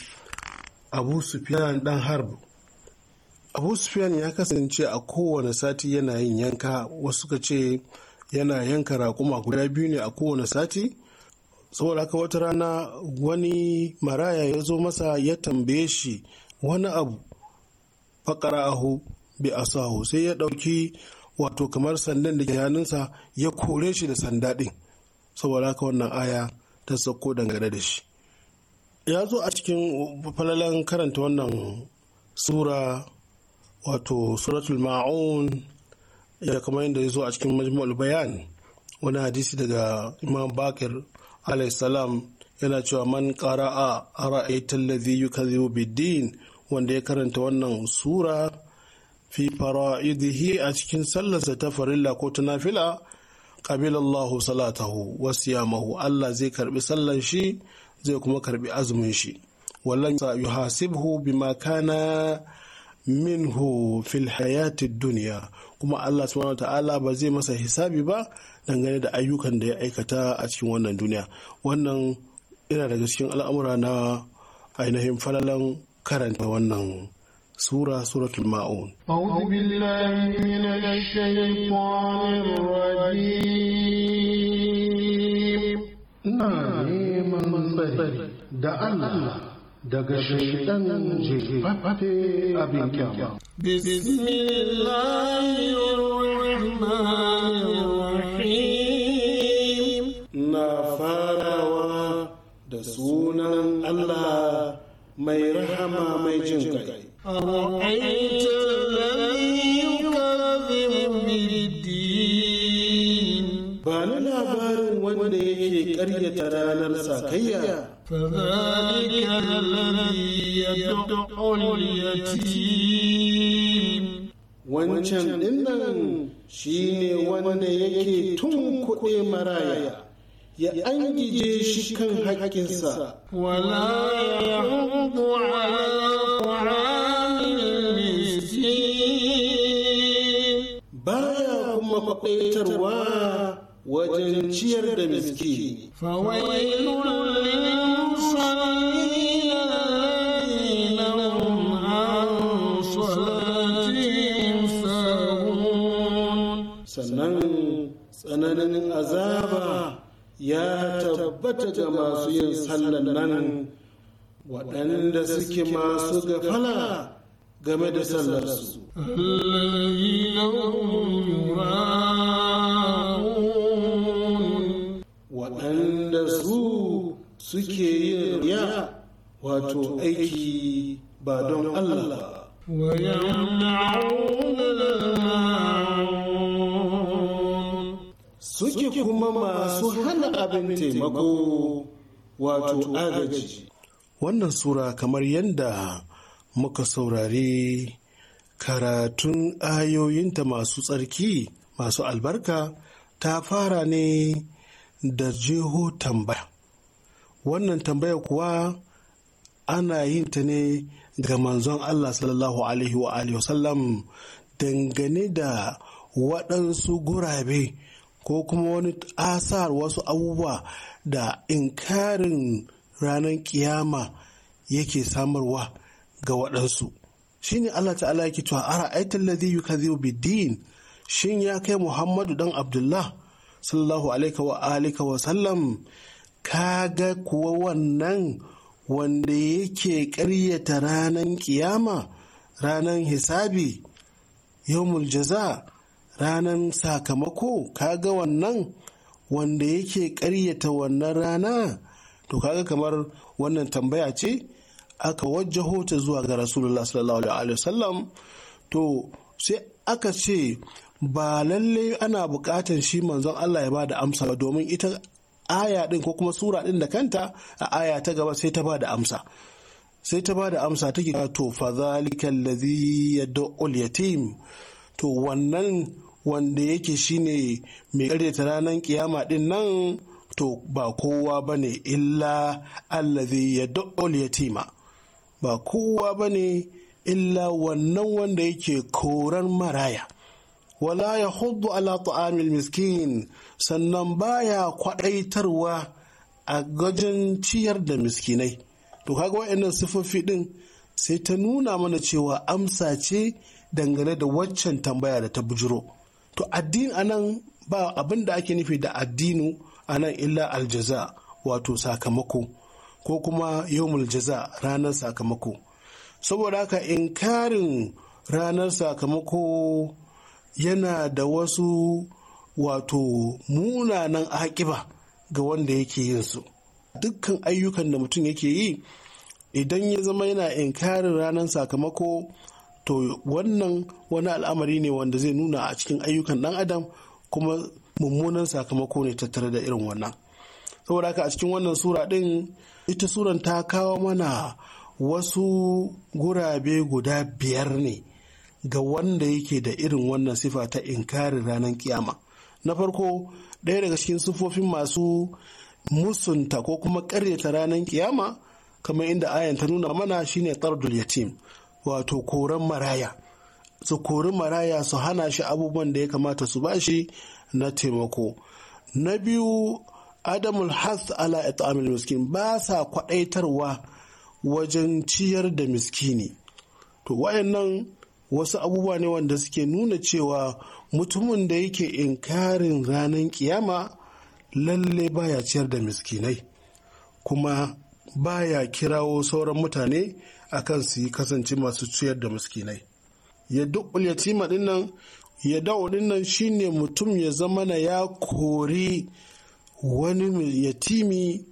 abu sufiyan dan harb abu sufiyan ya kasance a kowane sati yana yin yanka wasu ka ce yana yanka raƙuma guda biyu ne a kowane sati saboda haka wata rana wani maraya ya zo masa ya tambaye shi wani abu faƙara'ahu bi asahu sai ya ɗauki wato kamar sandan da ke hannunsa ya kore shi da sanda ɗin saboda haka wannan aya ta sauko dangane da shi ya zo a cikin falalen karanta wannan sura wato suratul ma'un ya kamar yadda ya zo a cikin majmu'ul bayan wani hadisi daga imam bakir salam yana cewa man a ara'aita allazi yi kazi din wanda ya karanta wannan sura fi fara'idihi a cikin sallarsa ta farilla ko ta qabilallahu salatahu wa siyamahu Allah zai karbi sallan shi zai kuma karbi azumin shi wallan yuhasibuhu bima kana minhu fil hayati dunya kuma Allah subhanahu ta'ala ba zai masa hisabi ba dangane da ayyukan da ya aikata a cikin wannan duniya wannan ina daga cikin al'amura na ainihin falalan karanta wannan سورة سورة الماعون أعوذ بالله من الشيطان الرجيم da Allah daga shaitan jefaffe abin na farawa da sunan Allah mai rahama mai jin أرأيت الذي يكذب بالدين بان لابار وند yake ƙaryata ranar sakayya فذلك الذي يدعو اليتيم wancan dinnan shine wanda yake tun kuɗe maraya ya an shi kan haƙƙinsa. Wala ya hudu ala makwaitarwa wajen ciyar da miski. Sannan tsananin azaba ya tabbata ga masu yin sallan nan waɗanda suke masu gafala. game da sallarsu. waɗanda su suke yin ya wato aiki ba don Allah. Suke kuma masu hana abin taimako wato agaji. Wannan sura kamar yadda muka saurari karatun ayoyinta masu tsarki masu albarka ta fara ne da jeho tambaya wannan tambaya kuwa ana yin ta ne ga manzon Allah sallallahu alaihi wa alihi dangane da waɗansu gurabe ko kuma wani asar wasu abubuwa da inkarin ranar kiyama yake samarwa ga waɗansu Shi ne Allah ta'ala yake cewa ara yi ladhi yukadhibu bid-din shin ya kai Muhammadu dan Abdullah sallallahu alaihi wa alihi wa sallam kaga kuwa wannan wanda yake ƙaryata ranan kiyama ranan hisabi yawmul jaza ranan sakamako kaga wannan wanda yake ƙaryata wannan rana to kaga kamar wannan tambaya ce aka wajjaho ta zuwa ga rasulullah sallallahu alaihi wasallam to sai aka ce ba lalle ana buƙatar shi manzon Allah ya ba da amsa ba domin ita aya ɗin ko kuma sura ɗin da kanta a aya ta gaba sai ta ba da amsa sai ta ba da amsa take to fa zalika allazi yad'ul yatim to wannan wanda yake shine mai karyata ranar kiyama din nan to ba kowa bane illa allazi yad'ul yatima ba kowa ba ne illa wannan wanda yake koran maraya wala ya hudu ala ta'amil miskin sannan baya kwaɗaitarwa a gajin ciyar da miskinai to kaga waɗannan siffofi ɗin sai ta nuna mana cewa amsa ce dangane da waccan tambaya da ta bujiro to addini anan ba abin da ake nufi da addinu anan illa aljaza wato sakamako ko kuma yau muljiza ranar sakamako saboda haka in karin ranar sakamako yana da wasu wato munanan akiba ga wanda yake yin su dukkan ayyukan da mutum yake yi idan ya zama yana inkarin ranar sakamako to wannan wani al'amari ne wanda zai nuna a cikin ayyukan dan adam kuma mummunan sakamako ne tattare da irin wannan saboda haka a cikin wannan sura ɗin ita suran ta kawo mana wasu gurabe guda biyar ne ga wanda yake da irin wannan sifa ta inkarin ranar kiyama na farko ɗaya daga cikin sufofin masu musunta ko kuma ƙaryata ranar kiyama kamar inda ayan ta nuna mana shine tardul yatim wato koran maraya su kori maraya su hana shi abubuwan da ya kamata su ba shi na taimako na biyu adamul has ala it'amil miskin ba sa kwadaitarwa wajen ciyar da miskini to wayannan wasu abubuwa ne wanda suke nuna cewa mutumin da yake inkarin ranar kiyama lalle baya ciyar da miskinai kuma baya kirawo sauran mutane akan su yi kasance masu ciyar da miskinai ya duk yatima dinnan ya dawo dinnan shine mutum ya zama na ya kori wani yatimi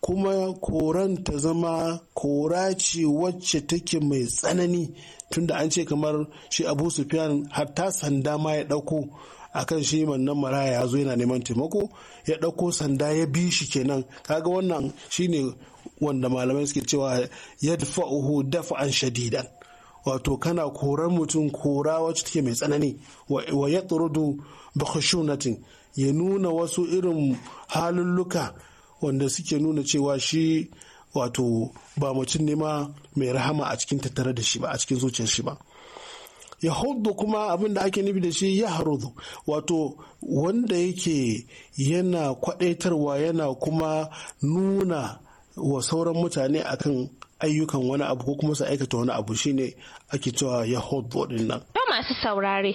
kuma koran ta zama kora ce wacce take mai tsanani tunda an ce kamar shi abu sufyan ta sanda ma ya ɗauko akan shi nan maraya ya zo yana neman taimako ya ɗauko sanda ya bi shi kenan kaga wannan shine wanda malamai suke cewa dafa dafa an shadidan wato kana koran mutum kora wacce take mai tsanani wa yatrudu bi ya nuna wasu irin halulluka wanda suke nuna cewa shi wato ba mutum ne ma mai rahama a cikin tattare da shi ba a cikin zuciyar shi ba ya kuma abin da ake nufi da shi ya harudu wato wanda yake yana kwadaitarwa yana kuma nuna wa sauran mutane akan ayyukan wani abu ko kuma su aikata wani abu shine ake cewa ya hudu nan. masu saurare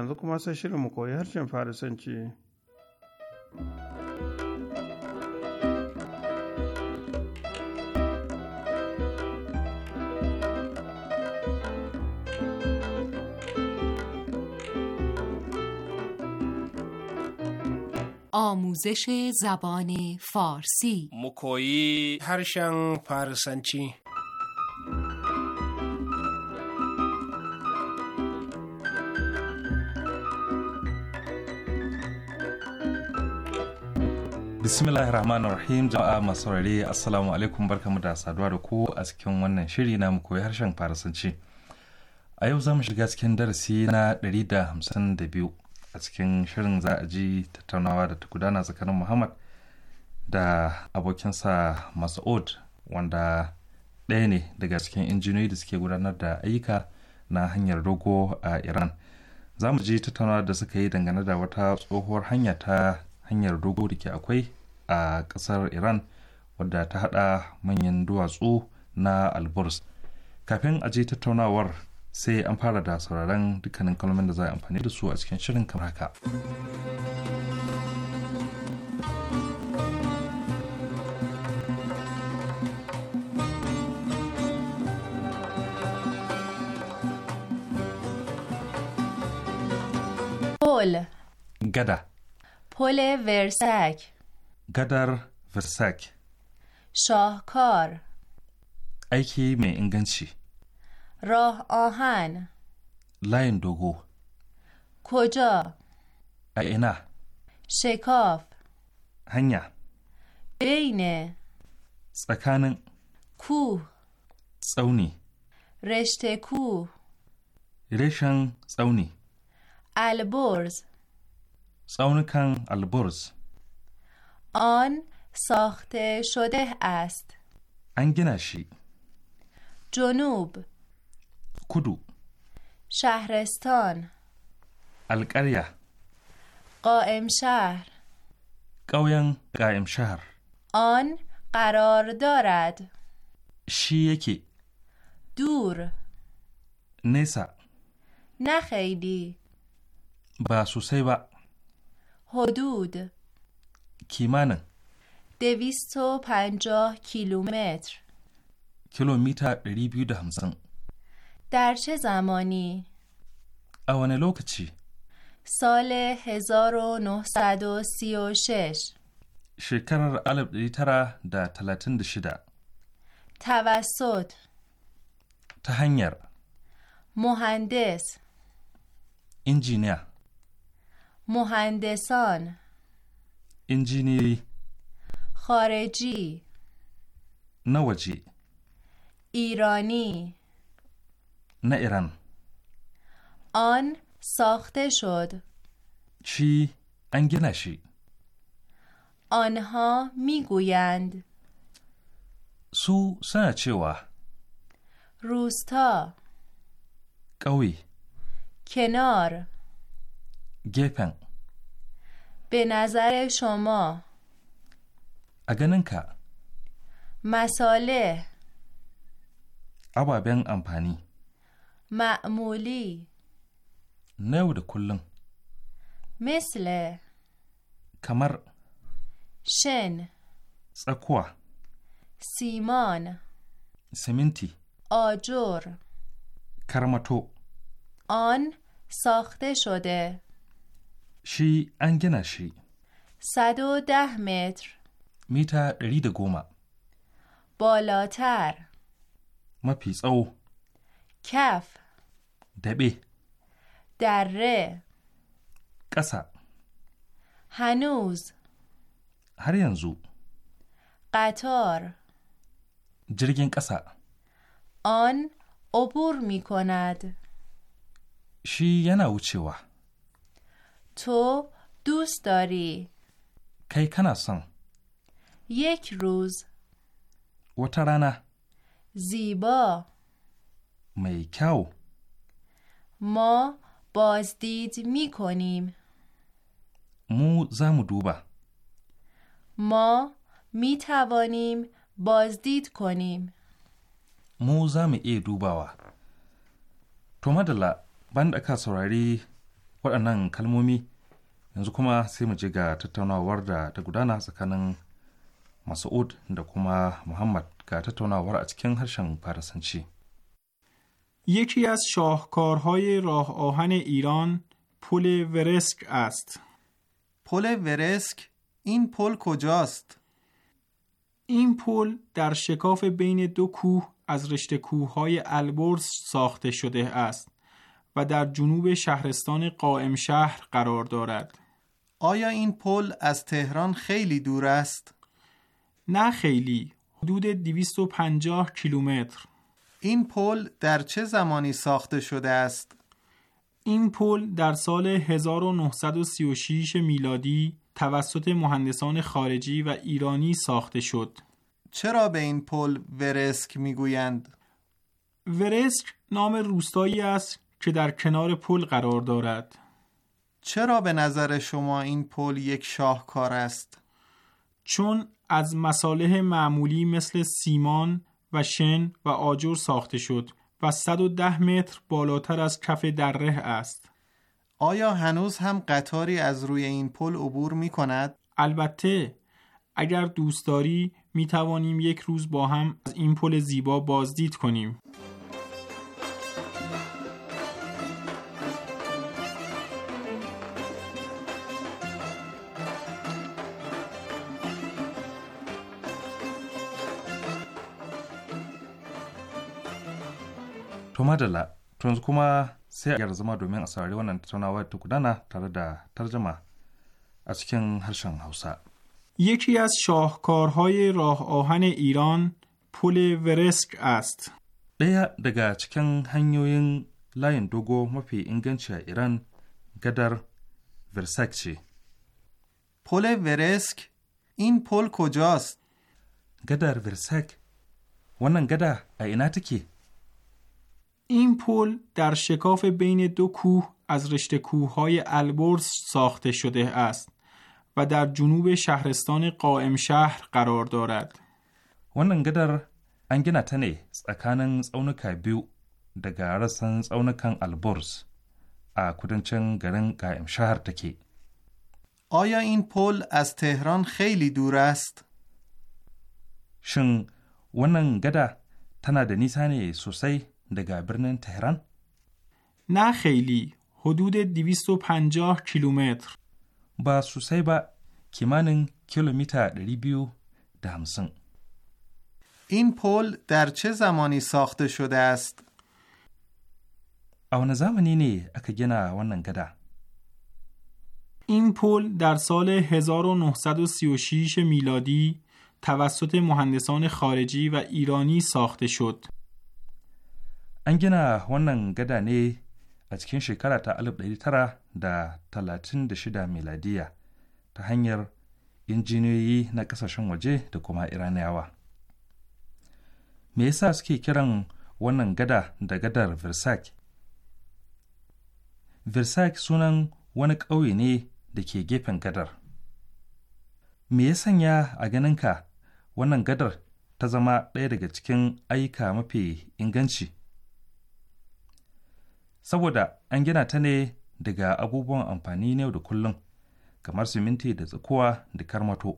yanzu آموزش زبان فارسی مکویی هرشن فارسنچی bismillahir rahmanir rahim jama'a masu saurare assalamu alaikum barkamu da saduwa da ku a cikin wannan shiri na mu koyi harshen farasanci a yau za mu shiga cikin darasi na 152 a cikin shirin za a ji tattaunawa da ta gudana tsakanin muhammad da abokinsa mas'ud wanda ɗaya ne daga cikin injiniyoyi da suke gudanar da ayyuka na hanyar dogo a iran za mu ji tattaunawa da suka yi dangane da wata tsohuwar hanya ta hanyar dogo da ke akwai a kasar iran wadda ta haɗa manyan duwatsu na alburs kafin a je tattaunawar sai an fara da sauraron dukkanin kalmomin da za a amfani da su a cikin shirin kamar haka. پل gada. پل versace. Gadar versace. Shokor. Aiki mai inganci. Ro ohan. Layin dogo. koja A ina? Shekof. Hanya. Benin. Tsakanin. Ku. Tsauni. Resteku. Reshen tsauni. Albors. tsaunukan albors. آن ساخته شده است انگنشی جنوب کدو شهرستان القریه قائم شهر قویان قائم شهر آن قرار دارد شی یکی دور نسا. نه خیلی با حدود کیمانه؟ دویست و پنجاه کیلومتر کیلومتر دری بیو ده همسن در چه زمانی؟ اوانه چی؟ سال 1936 شکرر علب دیتره در ده تلاتن دشیده شده توسط تهنگر مهندس انجینیر مهندسان انجینیری خارجی نوجی ایرانی نه ایران آن ساخته شد چی نشید آنها میگویند سو و روستا قوی کنار گپن به نظر شما اگننک مساله عبابن امپانی معمولی نو ده کلن مثل کمر شن سکوا سیمان سمنتی آجور کرمتو آن ساخته شده شی انگنه شی صد و ده متر میتا رید گوما بالاتر ما پیس او کف دبی دره کسا هنوز هر ینزو قطار جرگین کسا آن عبور می کند شی ینا وح تو دوست داری کی کناسن یک روز وترانه زیبا میکاو ما بازدید می کنیم مو زمو دوبا ما می توانیم بازدید کنیم مو زم ای دوباوا تو مدلا بند اکا سراری waɗannan kalmomi yanzu kuma sai mu je ga tattaunawar da ta gudana tsakanin masu'ud da kuma Muhammad ga tattaunawar a cikin harshen Farisanci. یکی از شاهکارهای راه آهن ایران پل ورسک است. پل ورسک این پل کجاست؟ این پل در شکاف بین دو کوه از رشته کوههای البرز ساخته شده است. و در جنوب شهرستان قائم شهر قرار دارد. آیا این پل از تهران خیلی دور است؟ نه خیلی، حدود 250 کیلومتر. این پل در چه زمانی ساخته شده است؟ این پل در سال 1936 میلادی توسط مهندسان خارجی و ایرانی ساخته شد. چرا به این پل ورسک میگویند؟ ورسک نام روستایی است که در کنار پل قرار دارد چرا به نظر شما این پل یک شاهکار است؟ چون از مصالح معمولی مثل سیمان و شن و آجر ساخته شد و 110 متر بالاتر از کف دره است. آیا هنوز هم قطاری از روی این پل عبور می کند؟ البته اگر دوست داری می توانیم یک روز با هم از این پل زیبا بازدید کنیم. To da to yanzu kuma sai a gyara zama domin a saurari wannan tattaunawa ta gudana tare da tarjama a cikin harshen Hausa. یکی از شاهکارهای راه آهن ایران پل ورسک است. ɗaya daga cikin hanyoyin layin dogo mafi inganci a Iran gadar Versak ce. پل ورسک این gadar Versak wannan gada a ina take? این پل در شکاف بین دو کوه از رشته کوههای البرز ساخته شده است و در جنوب شهرستان قائم شهر قرار دارد. ونن گدر ان گنا تنه تسکانن تسونکا بیو دگا رسن تسونکان البرز ا کودنچن گرن قائم شهر تکی آیا این پل از تهران خیلی دور است؟ شن ونن گدا تنا دنیسانی سوسی دگای برنن تهران نه خیلی حدود 250 کیلومتر با سوسی با کمانن کیلومتر 250 این پل در چه زمانی ساخته شده است؟ اون زمانی نه اکا گنا ونن گدا این پل در سال 1936 میلادی توسط مهندسان خارجی و ایرانی ساخته شد. an gina wannan gada ne a cikin shekara ta 1936 miladiya ta hanyar injiniyoyi na kasashen waje da kuma iraniyawa me yasa suke kiran wannan gada da gadar versailles versailles sunan wani ƙauye ne da ke gefen gadar me ya sanya a ganinka wannan gadar ta zama ɗaya daga cikin ayyuka mafi inganci saboda an gina ta ne daga abubuwan amfani na yau da kullum kamar siminti da tsakuwa da karmato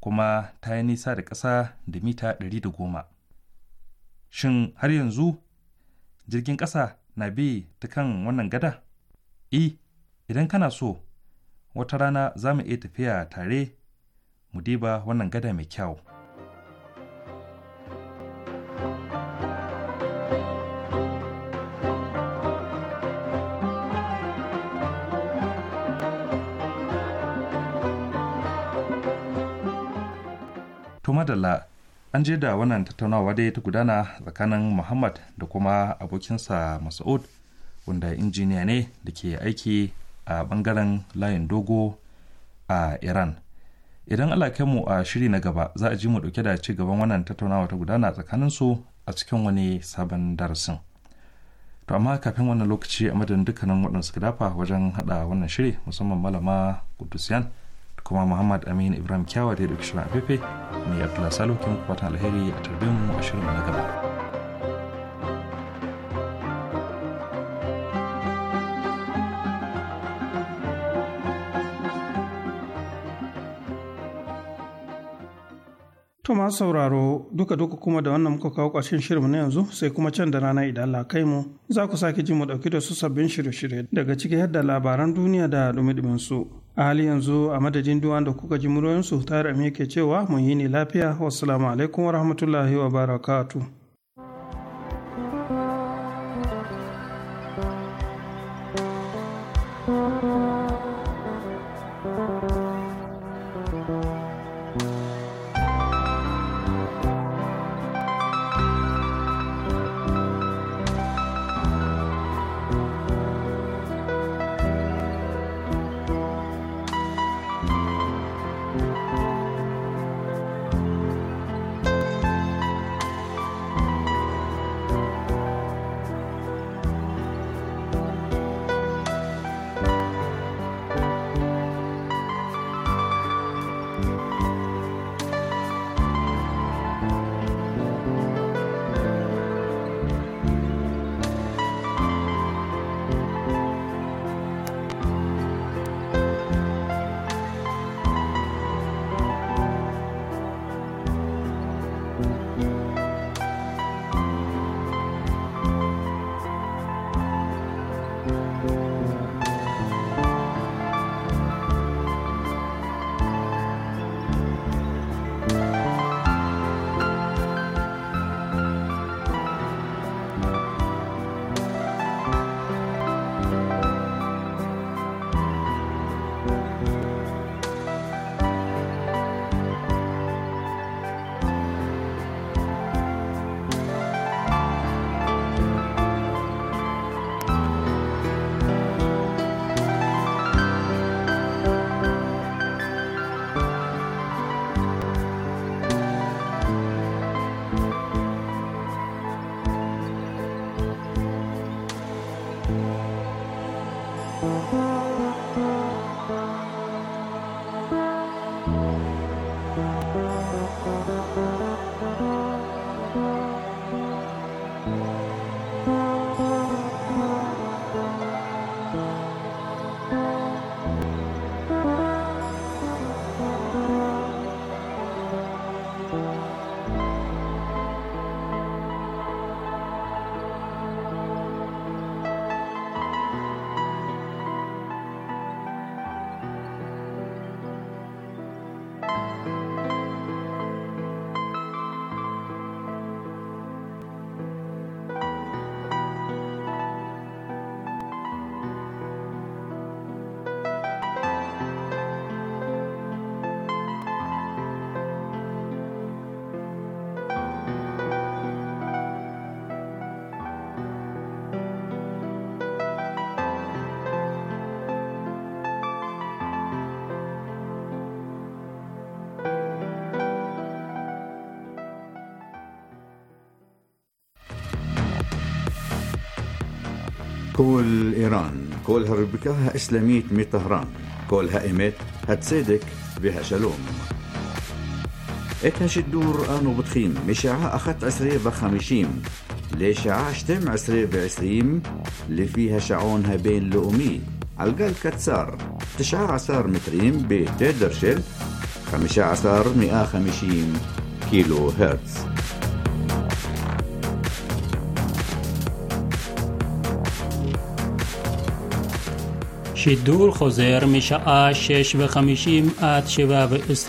kuma ta yi nisa da ƙasa da mita ɗari da goma. shin har yanzu jirgin ƙasa na bi ta kan wannan gada e idan kana so wata rana za mu iya tafiya tare mu diba wannan gada mai kyau madalla an je da wannan tattaunawa dai ta gudana tsakanin muhammad da kuma abokinsa masa'ud wanda injiniya ne da ke aiki a bangaren layin dogo a iran idan mu a shiri na gaba za a ji mu dauke da ci gaban wannan tattaunawa ta gudana tsakanin su a cikin wani sabon darasin to amma kafin wannan lokaci a madadin dukkanin waɗanda suka dafa wajen haɗa wannan shiri musamman malama kudusiyan kuma muhammad amin ibrahim kyawar da ya dauki shirin a fefe ne ya salo ke muku alheri a tarbin mu a shirin na gaba. Tuma sauraro duka duka kuma da wannan muka kawo ƙarshen shirin na yanzu sai kuma can da rana idan Allah kai mu za ku sake ji mu ɗauki da su sabbin shirye-shirye daga ciki yadda labaran duniya da dumi su a hali yanzu a madadin duwan da kuka ji muryoyinsu tare da ke cewa mun yi ne lafiya wasu alaikum wa rahmatullahi wa barakatuh كول إيران كول هربكاها إسلاميت مي طهران كول هائمت هتصدق بها شلوم إتهاش الدور آنو بتخيم مشاعة أخت عسرية بخمشيم لشاعة شتم عسرية بعسريم اللي فيها شعونها بين لؤمي عالقال كتسار تشعة عشر مترين بتدرشل خمشة عشر مئة خمشين كيلو هرتز چی دور خوزر میشه آ شش و خمیشیم آت شوه و